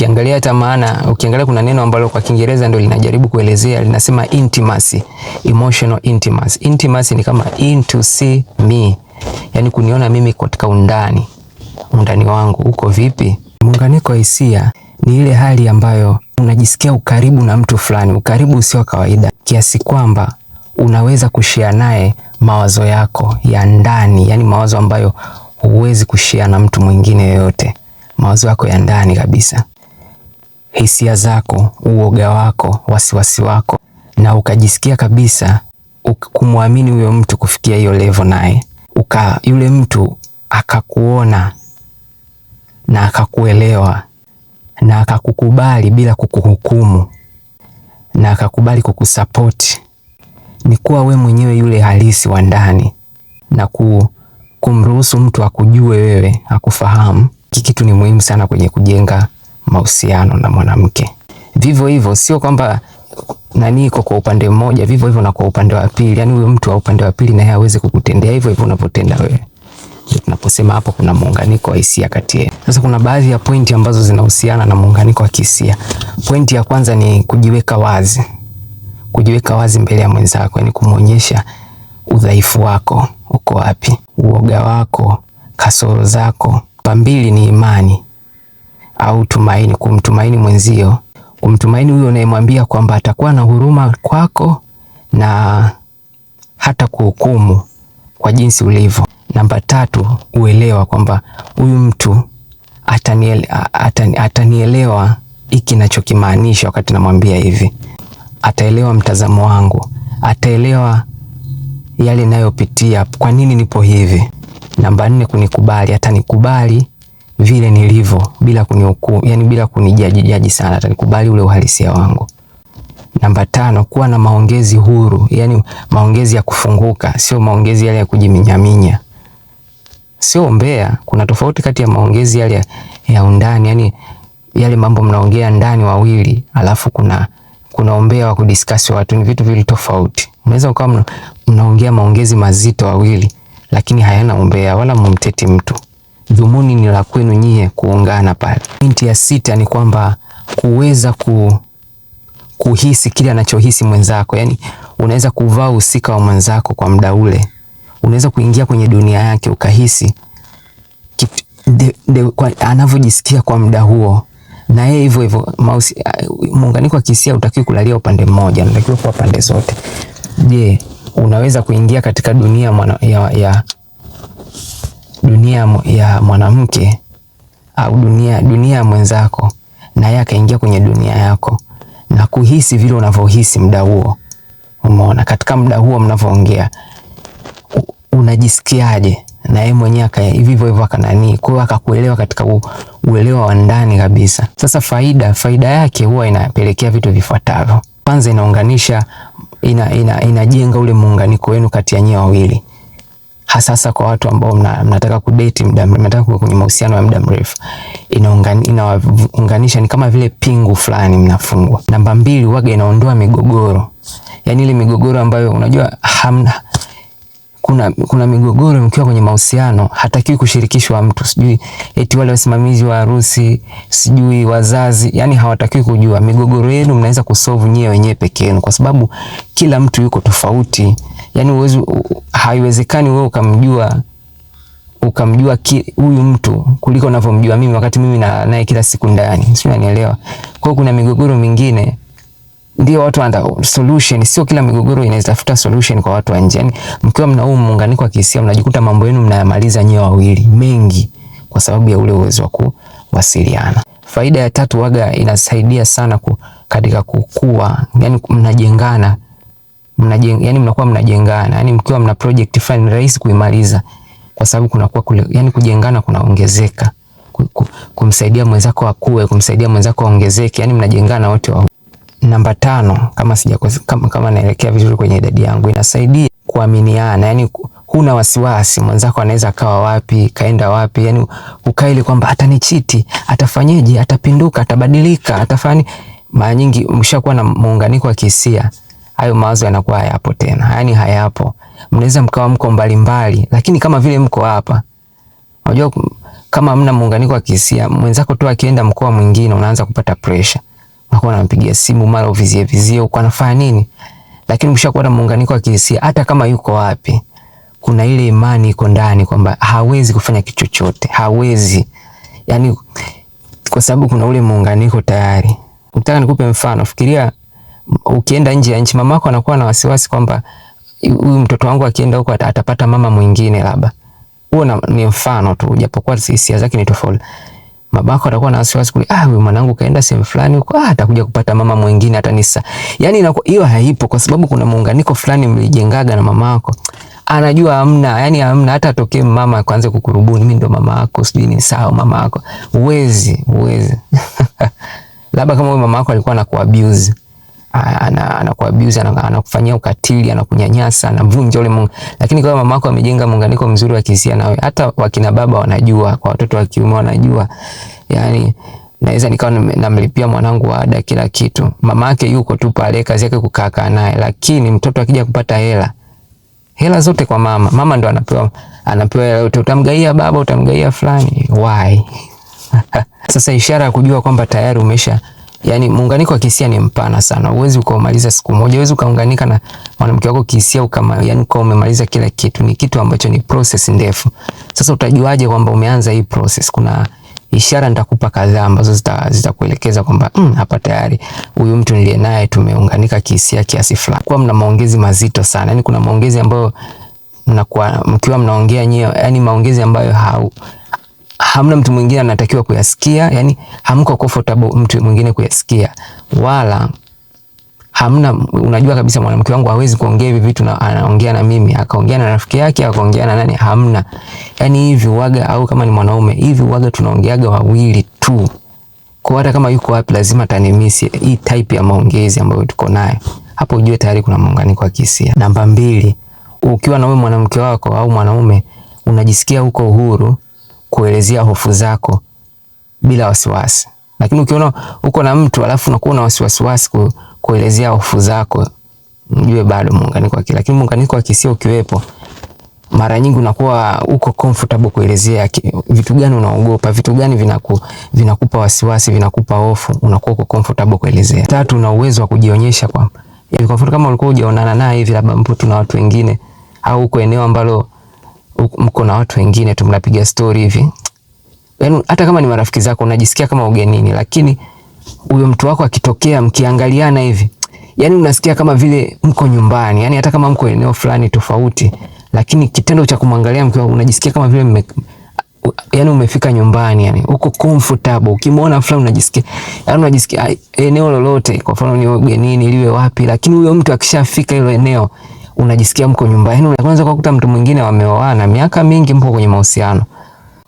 ukiangalia hata maana, ukiangalia kuna neno ambalo kwa Kiingereza ndio linajaribu kuelezea, linasema intimacy, emotional intimacy. Intimacy ni kama in to see me, yani kuniona mimi katika undani, undani wangu uko vipi. Muunganiko wa hisia ni ile hali ambayo unajisikia ukaribu na mtu fulani, ukaribu usio kawaida, kiasi kwamba unaweza kushia naye mawazo yako ya ndani, yani mawazo ambayo huwezi kushia na mtu mwingine yoyote, mawazo yako ya ndani kabisa hisia zako, uoga wako, wasiwasi wako, na ukajisikia kabisa kumwamini huyo mtu kufikia hiyo levo naye uka yule mtu akakuona na akakuelewa na akakukubali bila kukuhukumu na akakubali kukusapoti, ni kuwa we mwenyewe yule halisi wa ndani na ku, kumruhusu mtu akujue wewe, akufahamu. Hiki kitu ni muhimu sana kwenye kujenga mahusiano na mwanamke. Vivyo hivyo sio kwamba nani iko kwa upande mmoja, vivyo hivyo na kwa upande wa pili, yani huyo mtu wa upande wa pili naye aweze kukutendea hivyo hivyo unavyotenda wewe. Tunaposema hapo kuna muunganiko wa hisia kati yetu. Sasa kuna baadhi ya pointi ambazo zinahusiana na muunganiko wa kihisia. Pointi ya kwanza ni kujiweka wazi, kujiweka wazi mbele ya mwenzako, yani kumuonyesha udhaifu wako uko wapi, uoga wako, kasoro zako. Pambili ni imani au tumaini, kumtumaini mwenzio, kumtumaini huyo unayemwambia kwamba atakuwa na huruma kwako na hata kuhukumu kwa jinsi ulivyo. Namba tatu, uelewa kwamba huyu mtu ataniele, atani, atanielewa hiki nachokimaanisha wakati namwambia hivi, ataelewa mtazamo wangu, ataelewa yale nayopitia, kwa nini nipo hivi. Namba nne, kunikubali, atanikubali vile nilivyo bila kunihukumu, yani bila kunijaji jaji sana, atanikubali ule uhalisia wangu. Namba tano, kuwa na maongezi huru, yani maongezi ya kufunguka, sio maongezi yale ya kujiminyaminya, sio mbea. Kuna tofauti kati ya maongezi yale ya, ya undani, yani yale mambo mnaongea ndani wawili, alafu kuna kuna umbea wa kudiskasi watu, ni vitu vili tofauti. Unaweza ukawa mnaongea maongezi mazito wawili, lakini hayana umbea wala mumteti mtu dhumuni ni la kwenu nyie kuungana pale. Pointi ya sita ni kwamba kuweza ku, kuhisi kile anachohisi mwenzako, yani unaweza kuvaa husika wa mwenzako kwa muda ule, unaweza kuingia kwenye dunia yake ukahisi anavyojisikia kwa muda huo, na yeye hivyo hivyo. Muunganiko wa kihisia utakiwa kulalia upande mmoja, unatakiwa kuwa pande zote. Je, unaweza kuingia katika dunia mwana, ya, ya dunia ya mwanamke au dunia dunia ya mwenzako, na yeye akaingia kwenye dunia yako na kuhisi vile unavyohisi muda huo. Umeona, katika muda huo mnavyoongea unajisikiaje? na yeye mwenyewe aka hivyo hivyo akanani, kwa hiyo akakuelewa katika uelewa wa ndani kabisa. Sasa faida faida yake huwa inapelekea vitu vifuatavyo. Kwanza, inaunganisha ina, ina, inajenga ule muunganiko wenu kati ya nyie wawili hasasa kwa watu ambao mna, mnataka kudate muda mrefu, mnataka kuwa kwenye mahusiano ya muda mrefu, inawaunganisha. Ni kama vile pingu fulani mnafungwa. Namba mbili, waga inaondoa migogoro, yani ile migogoro ambayo unajua hamna kuna, kuna migogoro mkiwa kwenye mahusiano, hatakiwi kushirikishwa mtu, sijui eti wale wasimamizi wa harusi, sijui wazazi, yani hawatakiwi kujua. Migogoro yenu mnaweza kusolve nyewe wenyewe peke yenu, kwa sababu kila mtu yuko tofauti, yani uwezi haiwezekani wewe ukamjua ukamjua huyu mtu kuliko unavyomjua mimi, wakati mimi na naye kila siku ndani, si Unanielewa? Kwa kuna migogoro mingine ndio watu wanda solution, sio kila migogoro inaweza solution kwa watu wa nje. Yani mkiwa mna huu muunganiko wa kihisia, mnajikuta mambo yenu mnayamaliza nyewe wawili mengi, kwa sababu ya ule uwezo wa kuwasiliana. Faida ya tatu, waga inasaidia sana katika kukua, yani mnajengana mnajenga, yani mnakuwa mnajengana, yani mkiwa mna project fulani ni rahisi kuimaliza kwa sababu kuna kuwa kule, yani kujengana kunaongezeka, kumsaidia mwenzako akue, kumsaidia mwenzako aongezeke, yani mnajengana wote wa. Namba tano, kama sija kama, kama naelekea vizuri kwenye idadi yangu, inasaidia kuaminiana, yani huna wasiwasi mwenzako anaweza akawa wapi kaenda wapi, yani ukaile kwamba atanichiti, atafanyeje, atapinduka, atabadilika, atafani. Mara nyingi mshakuwa na muunganiko wa kihisia hayo mawazo yanakuwa hayapo tena, yani hayapo. Mnaweza mkawa mko mbalimbali mbali, lakini kama vile mko hapa. Unajua kama hamna muunganiko wa kihisia, mwenzako tu akienda mkoa mwingine unaanza kupata pressure. Unakuwa unampigia simu mara uvizie vizie uko anafanya nini? Lakini ukishakuwa na muunganiko wa kihisia hata kama yuko wapi, kuna ile imani iko ndani kwamba hawezi kufanya kitu chochote, hawezi. yani, kwa sababu kuna ule muunganiko tayari. Nataka nikupe mfano, fikiria ukienda nje ya nchi, mama yako anakuwa na wasiwasi kwamba huyu mtoto wangu akienda huko atapata mama mwingine labda. Huo ni mfano tu, japokuwa hisia zake ni tofauti. Babako atakuwa na wasiwasi kuli, ah, huyu mwanangu kaenda sehemu fulani huko, ah, atakuja kupata mama mwingine hata Yani inakuwa hiyo haipo, kwa sababu kuna muunganiko fulani mlijengaga na mama yako anajua amna, yani amna Hata atokee mama kwanza kukurubuni, mimi ndo mama yako, sijui ni sawa mama yako, uwezi uwezi labda kama huyo mama yako alikuwa anakuabuse anakuabuse, anakufanyia ukatili, anakunyanyasa, anavunja ule Mungu. Lakini kwa mama yako amejenga muunganiko mzuri wa kihisia nawe, hata wakina baba wanajua, kwa watoto wa kiume wanajua, yani naweza nikawa namlipia mwanangu ada kila kitu. Mama yake yuko tu pale, kazi yake kukaa naye, lakini mtoto akija kupata hela hela zote kwa mama. Mama ndo anapewa anapewa hela, utamgaia baba, utamgaia fulani. Why? Sasa ishara ya kujua kwamba tayari umesha yani muunganiko wa kihisia ni mpana sana, uwezi ukaumaliza siku moja. Uwezi ukaunganika na mwanamke wako kihisia ukama, yani kwa umemaliza kila kitu. Ni kitu ambacho ni process ndefu. Sasa utajuaje kwamba umeanza hii process? Kuna ishara nitakupa kadhaa ambazo zitakuelekeza zita kwamba mm, hapa tayari huyu mtu niliye naye tumeunganika kihisia kiasi fulani. Kwa mna maongezi mazito sana, yani kuna maongezi ambayo mnakuwa mkiwa mnaongea nyewe, yani maongezi ambayo hau hamna mtu mwingine anatakiwa kuyasikia, yani hamko comfortable mtu mwingine kuyasikia, wala hamna. Unajua kabisa mwanamke wangu hawezi kuongea hivi vitu, na anaongea na mimi, akaongea na rafiki yake, akaongea na nani, hamna. Yani hivi waga, au kama ni mwanaume hivi waga, tunaongeaga wawili tu, kwa hata kama yuko wapi, lazima tanimisi. Hii type ya maongezi ambayo tuko nayo hapo, ujue tayari kuna muunganiko wa kihisia. Namba mbili, ukiwa na wewe mwanamke wako au mwanaume, unajisikia huko uhuru kuelezea hofu zako bila wasiwasi. Lakini ukiona uko na mtu alafu unakuwa na wasiwasi wasi ku, kuelezea hofu zako, mjue bado muunganiko wa kile. Lakini muunganiko wa kisio ukiwepo, mara nyingi unakuwa uko comfortable kuelezea vitu gani unaogopa, vitu gani vinaku, vinakupa wasiwasi, vinakupa hofu, unakuwa uko comfortable kuelezea. Tatu, una uwezo wa kujionyesha kwa hivi. Kwa mfano kama ulikuwa hujaonana naye hivi, labda mpo tuna watu wengine au uko eneo ambalo mko na watu wengine tu mnapiga stori hivi, yaani hata kama ni marafiki zako unajisikia kama ugenini, lakini huyo mtu wako akitokea, mkiangaliana hivi, yani unasikia kama vile mko nyumbani, yani hata kama mko eneo fulani tofauti, lakini kitendo cha kumwangalia mkiwa unajisikia kama vile mme, yani umefika nyumbani, yani uko comfortable. Ukimwona fulani unajisikia, yani unajisikia eneo lolote, kwa mfano ni ugenini liwe wapi, lakini huyo mtu akishafika hilo eneo unajisikia mko nyumbani, unaweza kukuta mtu mwingine wameoana miaka mingi, mpo kwenye mahusiano,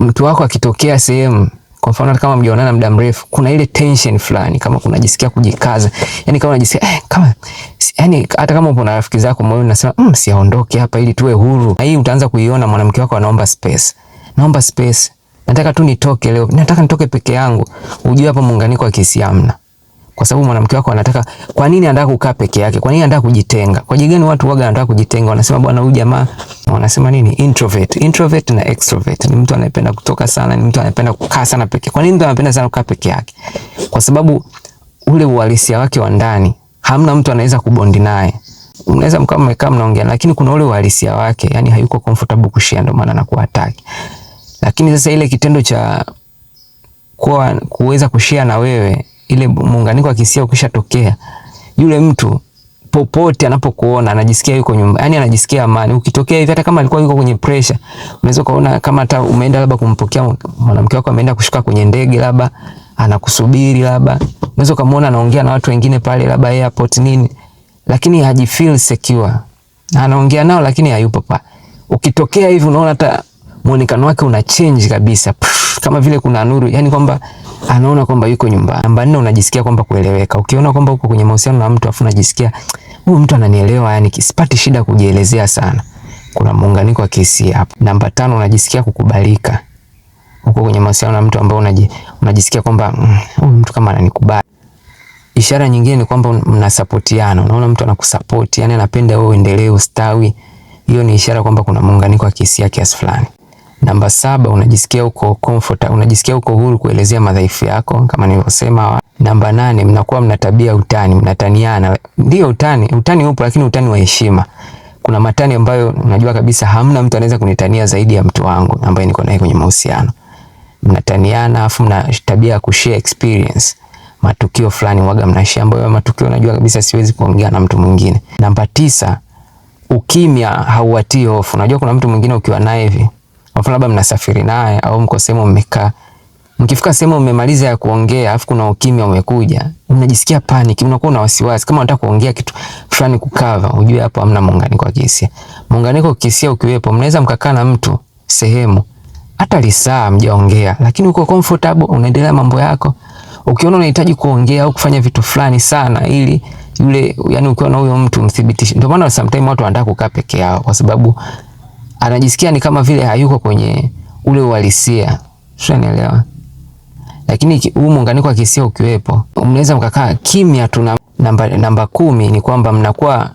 mtu wako akitokea sehemu kwa mfano kama mjaonana muda mrefu, kuna ile tension fulani, kama kunajisikia kujikaza, yani kama unajisikia eh, kama yani, hata kama upo na rafiki zako moyo unasema mm, siaondoke hapa ili tuwe huru. Na hii utaanza kuiona mwanamke wako anaomba space, naomba space, nataka tu nitoke leo, nataka nitoke peke yangu. Ujue hapo muunganiko wa kihisia hamna kwa sababu mwanamke wako anataka. Kwa nini anataka kukaa peke yake? Kwa nini anataka kujitenga? Kwa jigeni watu waga anataka kujitenga, wanasema bwana, huyu jamaa wanasema nini, introvert. Introvert na extrovert ni mtu anayependa kutoka sana, ni mtu anayependa kukaa sana peke. Kwa nini mtu anapenda sana kukaa peke yake? Kwa sababu ule uhalisia wake wa ndani hamna mtu anaweza kubondi naye. Mnaweza mkao mmekaa mnaongea, lakini kuna ule uhalisia wake, yani hayuko comfortable kushare, ndio maana anakuwa hataki. Lakini sasa ile kitendo cha kuwa kuweza kushare na wewe ile muunganiko wa kihisia ukishatokea, yule mtu popote anapokuona anajisikia yuko nyumbani, yani anajisikia amani. Ukitokea hivi, hata kama alikuwa yuko kwenye pressure, unaweza kuona kama hata umeenda labda kumpokea mwanamke wako, ameenda kushuka kwenye ndege, labda anakusubiri, labda unaweza kumuona anaongea na watu wengine pale, labda airport nini, lakini haji feel secure, anaongea nao lakini hayupo pale. Ukitokea hivi, unaona hata muonekano wake una change kabisa Pff, kama vile kuna nuru, yani kwamba anaona kwamba yuko nyumbani. Namba nne, unajisikia kwamba kueleweka. Ukiona kwamba uko kwenye mahusiano na mtu afu unajisikia huyu mtu ananielewa, yani kisipati shida kujielezea sana, kuna muunganiko wa kihisia hapo. Namba tano, unajisikia kukubalika. Uko kwenye mahusiano na mtu ambaye unaji, unajisikia kwamba mm, huyu mtu kama ananikubali. Ishara nyingine ni kwamba mnasapotiana, unaona mtu anakusapoti, yani anapenda wewe uendelee ustawi. Hiyo ni ishara kwamba kuna muunganiko wa kihisia kiasi fulani. Namba saba, unajisikia uko comfort, unajisikia uko huru kuelezea madhaifu yako kama nilivyosema. Namba nane, mnakuwa mna tabia utani, mnataniana. Ndio utani, utani upo, lakini utani wa heshima. Kuna matani ambayo unajua kabisa hamna mtu anaweza kunitania zaidi ya mtu wangu ambaye niko naye kwenye mahusiano. Mnataniana afu mna tabia ya kushare experience matukio fulani waga mnashia ambayo matukio unajua kabisa siwezi kuongea na mtu mwingine. Namba tisa, ukimya hauwatii hofu. Unajua kuna mtu mwingine ukiwa naye hivi kwa mfano labda mnasafiri naye au mko sehemu mmekaa, mkifika sehemu mmemaliza ya kuongea, afu kuna ukimya umekuja, mnajisikia panic, mnakuwa na wasiwasi, kama unataka kuongea kitu fulani kukava, ujue hapo hamna muunganiko wa kihisia. Muunganiko wa kihisia ukiwepo, mnaweza mkakaa na mtu sehemu hata lisaa mjaongea, lakini uko comfortable, unaendelea mambo yako. Ukiona unahitaji kuongea au kufanya vitu fulani sana, ili yule yani, ukiwa na huyo mtu mthibitishe. Ndio maana sometimes watu wanataka kukaa peke yao kwa sababu anajisikia ni kama vile hayuko kwenye ule uhalisia, unanielewa? Lakini huu muunganiko wa kihisia ukiwepo, mnaweza mkakaa kimya tu. Namba, namba kumi ni kwamba mnakuwa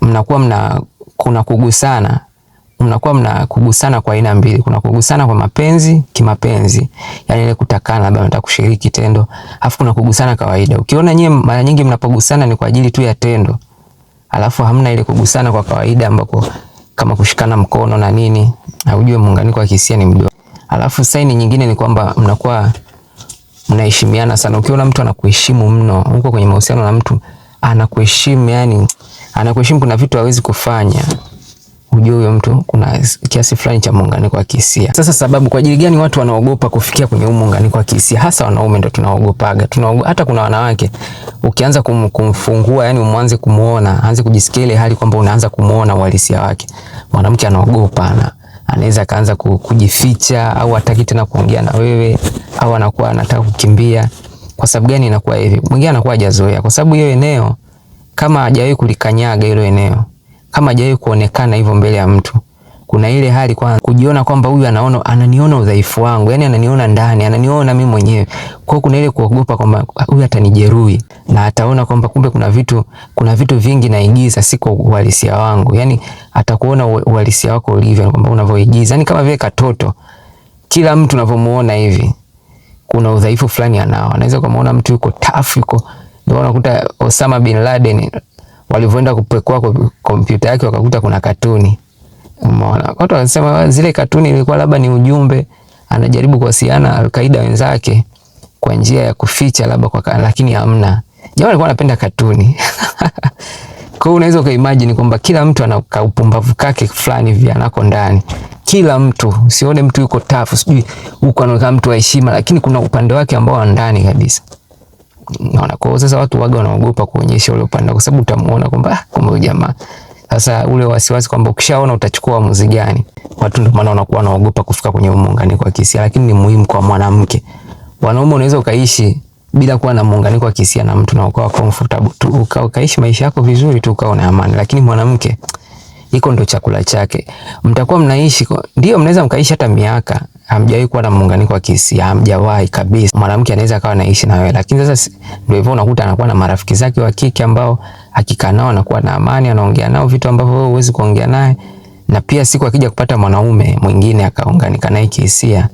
mnakuwa mna kuna kugusana mnakuwa mna kugusana kwa aina mbili. Kuna kugusana kwa mapenzi, kimapenzi, yani ile kutakana, labda nataka kushiriki tendo, alafu kuna kugusana kawaida. Ukiona nyie mara nyingi mnapogusana ni kwa ajili tu ya tendo, alafu hamna ile kugusana kwa kawaida ambako kama kushikana mkono na nini, haujue muunganiko wa kihisia ni mdogo. Alafu saini nyingine ni kwamba mnakuwa mnaheshimiana sana. Ukiona mtu anakuheshimu mno, uko kwenye mahusiano na mtu anakuheshimu, yani anakuheshimu, kuna vitu hawezi kufanya hujua huyo mtu kuna kiasi fulani cha muunganiko wa kihisia. Sasa sababu kwa ajili gani watu wanaogopa kufikia kwenye huu muunganiko wa kihisia? Hasa wanaume ndo tunaogopaga, tunaogopa. Hata kuna wanawake ukianza kum, kumfungua yani umwanze kumuona, aanze kujisikia ile hali kwamba unaanza kumuona uhalisia wake, mwanamke anaogopa na anaweza kaanza kujificha au hataki tena kuongea na wewe au anakuwa anataka kukimbia. Kwa sababu gani inakuwa hivi? Mwingine anakuwa hajazoea, kwa sababu hiyo eneo kama hajawahi kulikanyaga hilo eneo kama hajawahi kuonekana hivyo mbele ya mtu. Kuna ile hali kwa kujiona kwamba huyu anaona ananiona udhaifu wangu, yani ananiona ndani, ananiona mimi mwenyewe. Kwa kuna ile kuogopa kwamba ah, huyu atanijeruhi na ataona kwamba kumbe kuna vitu kuna vitu vingi naigiza, si kwa uhalisia wangu. Yani atakuona uhalisia wako ulivyo, yaani kwamba unavyoigiza, yani kama vile katoto, kila mtu unavyomuona hivi, kuna udhaifu fulani anao. Anaweza kumuona mtu yuko tafu, yuko ndio unakuta Osama bin Laden walivyoenda kupekua kompyuta yake wakakuta kuna katuni. Umeona, watu wanasema ah, zile katuni ilikuwa labda ni ujumbe anajaribu kuwasiliana Alkaida wenzake kwa njia ya kuficha labda kwa, lakini hamna. Jamaa alikuwa anapenda katuni kwa hiyo unaweza ukaimagine kwamba kila mtu ana kaupumbavu kake fulani hivi anako ndani. Kila mtu sione mtu yuko tafu, sijui huko anaonekana mtu wa heshima, lakini kuna upande wake ambao ndani kabisa naona kwa sasa watu waga wanaogopa kuonyesha ule upande, kwa sababu utamuona kwamba ah, kumbe huyu jamaa sasa ule wasiwasi kwamba ukishaona utachukua uamuzi gani. Watu ndio maana wanakuwa wanaogopa kufika kwenye muunganiko wa kihisia, lakini ni muhimu kwa mwanamke. Wanaume unaweza ukaishi bila kuwa na muunganiko wa kihisia na mtu na ukawa comfortable tu, ukawa ukaishi maisha yako vizuri tu, ukawa na amani, lakini mwanamke iko ndo chakula chake. Mtakuwa mnaishi ndio, mnaweza mkaishi hata miaka hamjawahi kuwa na muunganiko wa kihisia, hamjawahi kabisa. Mwanamke anaweza akawa anaishi na wewe, lakini sasa ndio hivyo, unakuta anakuwa na marafiki zake wa kike ambao akikaa nao anakuwa na amani, anaongea nao vitu ambavyo wewe huwezi kuongea naye, na pia siku akija kupata mwanaume mwingine akaunganika naye kihisia,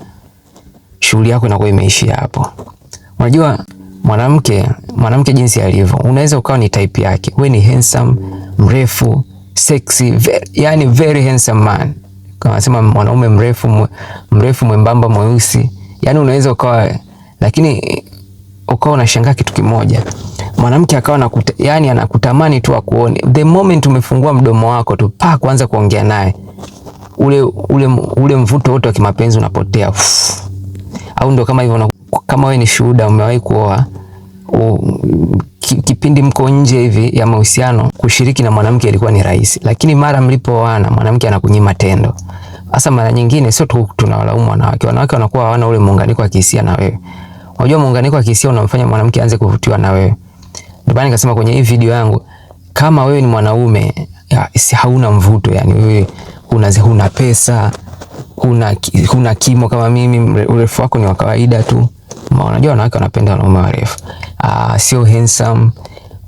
shughuli yako inakuwa imeishia hapo. Unajua mwanamke mwanamke jinsi alivyo, unaweza ukawa ni type yake, wewe ni handsome, mrefu, sexy, very, yani very handsome man kama nasema mwanaume mrefu mrefu mwembamba mweusi, yani unaweza ukawa, lakini ukawa unashangaa kitu kimoja, mwanamke akawa anakuta, yani anakutamani tu akuone. The moment umefungua mdomo wako tu pa kuanza kuongea naye, ule ule ule mvuto wote wa kimapenzi unapotea. Uf. Au ndio kama hivyo, kama wewe ni shuhuda, umewahi kuoa kipindi mko nje hivi ya mahusiano, kushiriki na mwanamke ilikuwa ni rahisi, lakini mara mlipoana mwanamke anakunyima tendo. Hasa mara nyingine sio tu tunawalaumu wanawake, wanawake wanakuwa hawana ule muunganiko wa kihisia na wewe. Unajua muunganiko wa kihisia unamfanya mwanamke aanze kuvutiwa na wewe. Ndio maana nikasema kwenye hii video yangu, kama wewe ni mwanaume ya, si hauna mvuto yani, wewe una huna pesa huna, huna kimo kama mimi, urefu wako ni wa kawaida tu. Unajua wanawake wanapenda wanaume warefu uh, sio handsome,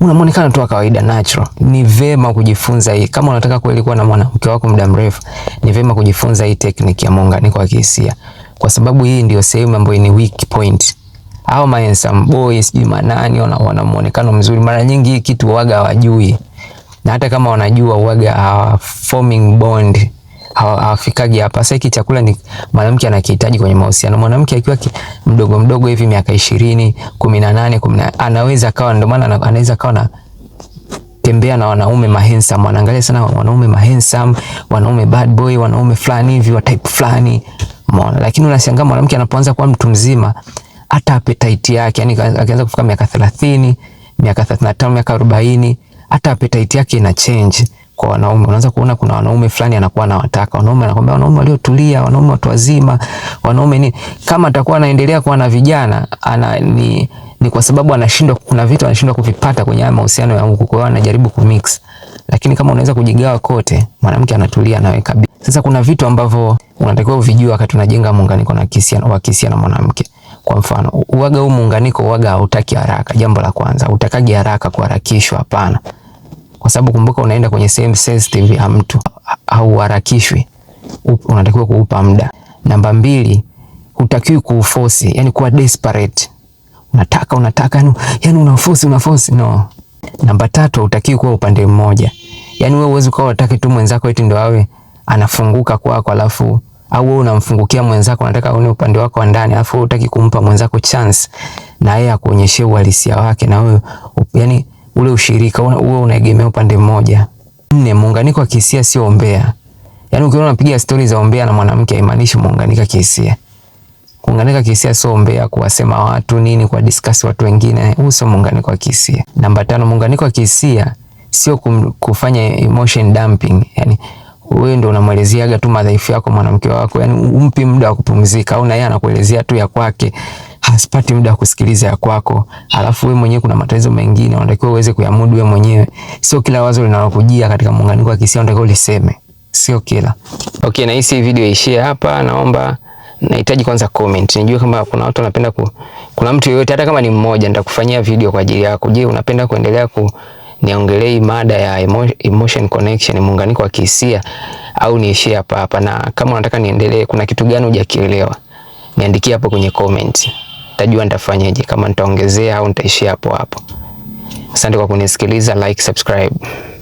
una muonekano tu wa kawaida natural. Ni vema kujifunza hii kama unataka kweli kuwa na mwanamke wako muda mrefu, ni vema kujifunza hii technique ya muunganiko wa kihisia, kwa sababu hii ndio sehemu ambayo ni weak point au ma handsome boys sijui manani wana, wana muonekano mzuri, mara nyingi hii kitu waga hawajui, na hata kama wanajua waga uh, ah, forming bond hawafikagi hapa. Sasa hiki chakula ni mwanamke anakihitaji kwenye mahusiano. Mwanamke akiwa mdogo mdogo hivi miaka 20, 18, na anaweza kawa, ndio maana anaweza kawa na tembea na wanaume mahensam, wanaangalia sana wanaume mahensam, wanaume bad boy, wanaume fulani hivi wa type fulani, umeona. Lakini unashangaa mwanamke anapoanza kuwa mtu mzima, hata appetite yake, yani akianza kufika miaka 30, miaka 35, miaka 40, hata appetite yake ina change kwa wanaume. Unaanza kuona kuna wanaume fulani anakuwa anawataka wanaume, anakwambia wanaume waliotulia, wanaume watu wazima, wanaume nini. Kama atakuwa anaendelea kuwa na vijana ana, ni, ni kwa sababu anashindwa, kuna vitu anashindwa kuvipata kwenye haya mahusiano ya huko, kwa hiyo anajaribu kumix. Lakini kama unaweza kujigawa kote, mwanamke anatulia nawe kabisa. Sasa kuna vitu ambavyo unatakiwa uvijue wakati unajenga muunganiko na kisia wa kisia na mwanamke. Kwa mfano, uwaga huu muunganiko uwaga hautaki haraka. Jambo la kwanza, utakagi haraka kuharakishwa, hapana kwa sababu kumbuka, unaenda kwenye sehemu sensitive ya mtu, hauharakishwi, unatakiwa kuupa muda. Namba mbili, hutakiwi kuuforce, yani kuwa desperate, unataka unataka, yani, yani unaforce unaforce, no. Namba tatu, hutakiwi kuwa upande mmoja, yani wewe uwezi ukawa unataka tu mwenzako eti ndo awe anafunguka kwako, alafu au wewe unamfungukia mwenzako, unataka aone upande wako wa ndani, alafu hutaki kumpa mwenzako chance na yeye akuonyeshe uhalisia wake na wewe, yani ule ushirika uwe unaegemea upande mmoja. Nne, muunganiko wa kihisia sio ombea. Yaani ukiona unapiga stori za ombea na mwanamke haimaanishi muunganika kihisia. Kuunganika kihisia sio ombea, kuwasema watu nini, kwa discuss watu wengine, huu sio muunganiko wa kihisia. Namba tano, muunganiko wa kihisia sio kufanya emotion dumping, yani wewe ndo unamweleziaga tu madhaifu yako mwanamke wako, yani umpi muda wa kupumzika, au na yeye anakuelezea tu ya kwake, hasipati muda wa kusikiliza ya kwako. Alafu wewe mwenyewe kuna matatizo mengine unatakiwa uweze kuyamudu wewe mwenyewe, sio kila wazo linalokujia katika muunganiko wa kisia unatakiwa uliseme, sio kila okay. Na hii video ishie hapa, naomba nahitaji kwanza comment nijue kama kuna watu wanapenda ku, kuna mtu yeyote hata kama ni mmoja, nitakufanyia video kwa ajili yako. Je, unapenda kuendelea ku niongelee mada ya emotion connection, muunganiko wa kihisia au niishie hapa hapa? Na kama unataka niendelee, kuna kitu gani hujakielewa, niandikie hapo kwenye comment, tajua nitafanyaje, kama nitaongezea au nitaishia hapo hapo. Asante kwa kunisikiliza, like, subscribe.